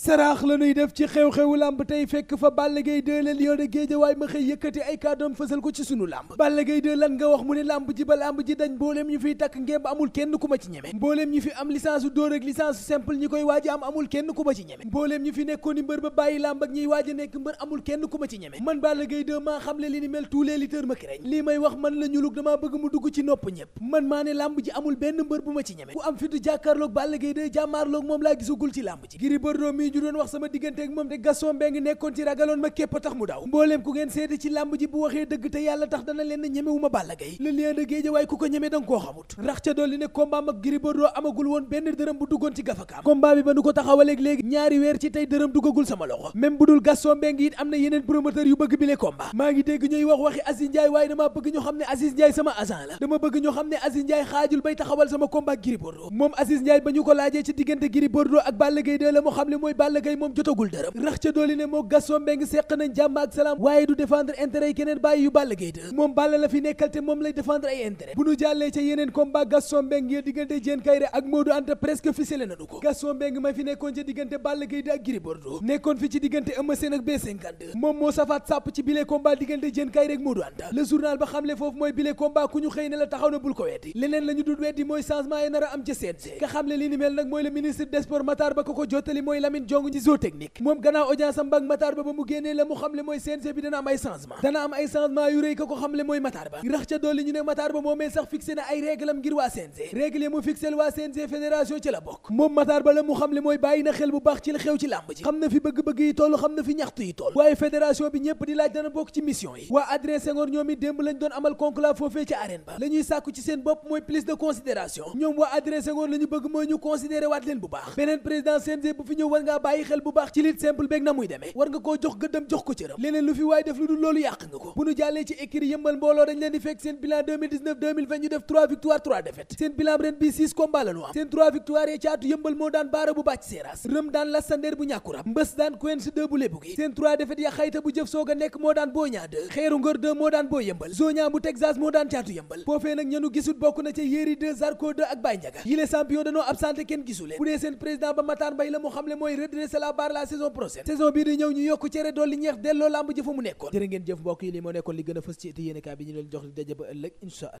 saraax la nuy def ci xew-xewu lamb tey fekk fa Balla Gaye 2 le lion de Guédiawaye ma xëy yëkkati ay kàddoom fësal ko ci sunu lamb Balla Gaye 2 lan nga wax mu ne lamb ji ba lamb ji dañ mbooleem ñu fiy takk ngemb amul kenn ku ma ci ñeme mbooleem ñu fi am licence dóor ak licence simple ñi koy waaji am amul kenn ku ma ci ñeme mbooleem ñu fi nekkooni mbër ba bàyyi lamb ak ñiy waaji nekk mbër amul kenn ku ma ci ñeme man Balla Gaye 2 maa xamle li ni mel tous les lutteurs wax man la ñulug damaa bëgg mu dugg ci nopp ñëpp man maa ne lamb ji amul benn mbër bu ma ci ñeme ku am fi du jàkkaarloog Balla Gaye 2 moom laa gisugul ci lamb ji yi ju doon wax sama diggante ak moom te Gaston Mbengue nekkoon ci ragaloon ma képp bu waxee dëgg te yàlla tax leen ñemewuma Balla Gaye le ko ñeme danga koo xamut rax ne combat mag Gris Bordeaux benn dërëm bu duggoon ci gafakaam combat bi ba nu ko taxawaleeg léegi ñaari weer ci tey dërëm duggagul sama loxo même bu dul Gaston Mbengue it am na yeneen promoteur yu bëgg bile combat maa ngi dégg ñuy wax waxi Aziz Ndiaye waaye dama bëgg ñu xam ne Aziz Ndiaye sama agent la dama bëgg ñu xam ne Aziz Ndiaye xaajul bay taxawal sama combat Gris Bordeaux moom Aziz Ndiaye ba ñu ko laajee ci diggante Gris ak Balla Gaye la mu xam le mooy Balla Gaye moom jotagul dërëm rax ca dooli ne moo Gaston Mbengue seq jàmm ak salaam waaye du défendre intérêt yi keneen bàyyi yu Balla Gaye moom Balla la fi nekkal te moom lay défendre ay intérêt bu nu jàllee ca yeneen combat Gaston Mbengue ya ko Gaston Mbengue ma fi nekkoon ca diggante Balla Gaye ak Gris nekkoon fi ci diggante Eumeu ak B52 moom moo safaat sàpp ci bile combat diggante Diène Kaïré ak Modou Anta le journal ba xamle foofu mooy bile ko Lamine Diong ñi technique moom gannaaw audience am mbag Matar Ba ba mu génnee la mu xamle mooy CNG bi dana am ay changement dana am ay changement yu rëy ka ko xamle mooy Matar Ba rax ca dolli ñu ne Matar Ba moomee sax fixé na ay règle ngir waa CNG règle mu fixé waa CNG fédération ci la bokk moom Matar Ba la mu xamle mooy bàyyi na xel bu baax ci la xew ci làmb ji xam na fi bëgg-bëgg yi toll xam na fi ñaxtu yi toll waaye fédération bàyyi xel bu baax ci lutte simple beeg na muy demee war nga koo jox gëddam jox ko cëram leneen lu fi waaye def lu dul loolu yàq nga ko bu nu jàllee ci écurie yëmbal mbooloo dañ leen di fekk seen bilan 2019 2020 ñu def 3 victoire 3 défaite seen bilan ren bi 6 combat nu am seen 3 victoire yee caatu yëmbal moo daan baara bu bàcc séeraas rëm daan lastandeer bu ñàkku rab mbës daan kuensi 2 bu lébu ba mataan redresser la barre la saison prochaine saison bii di ñëw ñu yokku cere dolli ñeex delloo lamb ji nekkoon jërë ngeen jëf mbokk moo nekkoon li gën a fës ci été yéenekaay bi ñu leen jox di ba ëllëg insha